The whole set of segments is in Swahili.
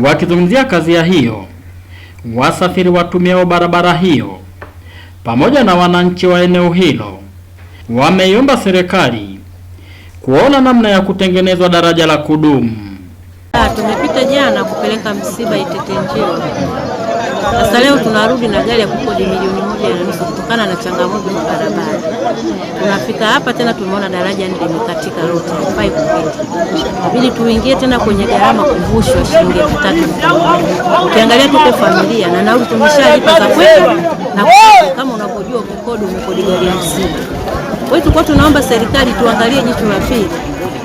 wakizungumzia kazi ya hiyo, wasafiri watumiao barabara hiyo pamoja na wananchi wa eneo hilo wameiomba serikali kuona namna ya kutengenezwa daraja la kudumu. Tumepita jana kupeleka msiba Itetenjewa leo tunarudi na gari ya kukodi milioni moja na nusu kutokana na changamoto za barabara. Tunafika hapa tena tumeona daraja ndio limekatika lote, haifai kupita. inabidi tuingie tena kwenye gharama kuvushwa shilingi elfu tatu. Ukiangalia tuko familia na nauli tumeshalipa za kwetu na kama unavyojua ukikodi umekodi gari hamsini. Kwa hiyo tulikuwa tunaomba serikali tuangalie jicho la pili.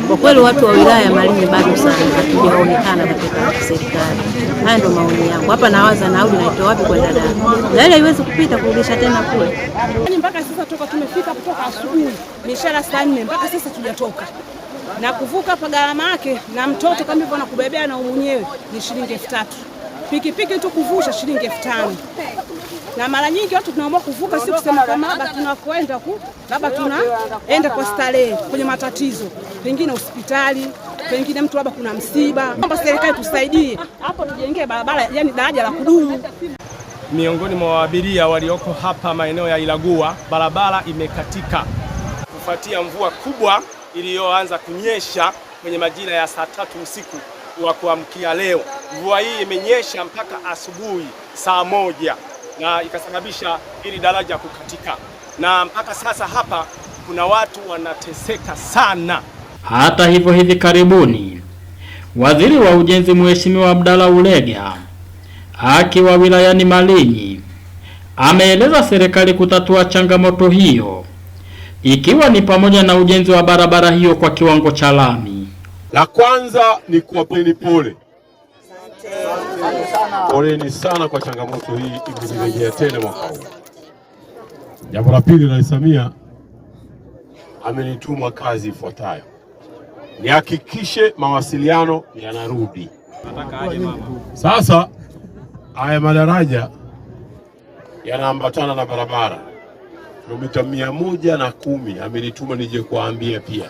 Kwa kweli watu wa wilaya ya Malinyi bado sana hatujaonekana katika serikali. Haya ndio maoni yangu hapa, nawaza nauli naitoa wapi kwenda dada, na yaani ile haiwezi kupita kurudisha tena kule. Yani mpaka sasa toka tumefika kutoka asubuhi mishahara saa nne mpaka sasa tujatoka na kuvuka hapa, gharama yake na mtoto kama hivyo anakubebea na mwenyewe ni shilingi elfu tatu pikipiki tu kuvusha shilingi elfu tano na mara nyingi watu tunaamua kuvuka, si kusema kama labda tunakwenda ku labda tunaenda kwa starehe kwenye matatizo pengine hospitali, pengine mtu labda kuna msiba. Naomba serikali tusaidie hapo, tujengee barabara, yani daraja la kudumu. Miongoni mwa abiria walioko hapa maeneo ya Ilagua, barabara imekatika kufuatia mvua kubwa iliyoanza kunyesha kwenye majira ya saa tatu usiku wa kuamkia leo. Mvua hii imenyesha mpaka asubuhi saa moja na ikasababisha hili daraja kukatika, na mpaka sasa hapa kuna watu wanateseka sana. Hata hivyo, hivi karibuni waziri wa ujenzi Mheshimiwa Abdalla Ulega akiwa wilayani Malinyi ameeleza serikali kutatua changamoto hiyo ikiwa ni pamoja na ujenzi wa barabara hiyo kwa kiwango cha lami. La kwanza ni kuwapeni pole poleni sana kwa changamoto hii ikijirejea tena mwaka huu. Jambo la pili, Rais Samia amenituma kazi ifuatayo nihakikishe mawasiliano yanarudi. Sasa haya madaraja yanaambatana na barabara kilomita mia moja na kumi amenituma nije kuambia pia,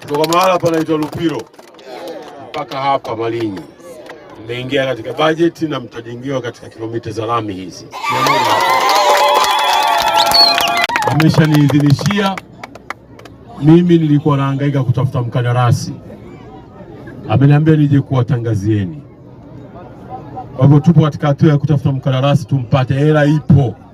kutoka mahala panaitwa Lupiro mpaka hapa Malinyi mmeingia katika bajeti na mtajengewa katika kilomita za lami hizi. Ameshaniidhinishia mimi nilikuwa naangaika kutafuta mkandarasi, ameniambia nije kuwatangazieni. Kwa hivyo tupo katika hatua ya kutafuta mkandarasi, tumpate. Hela ipo.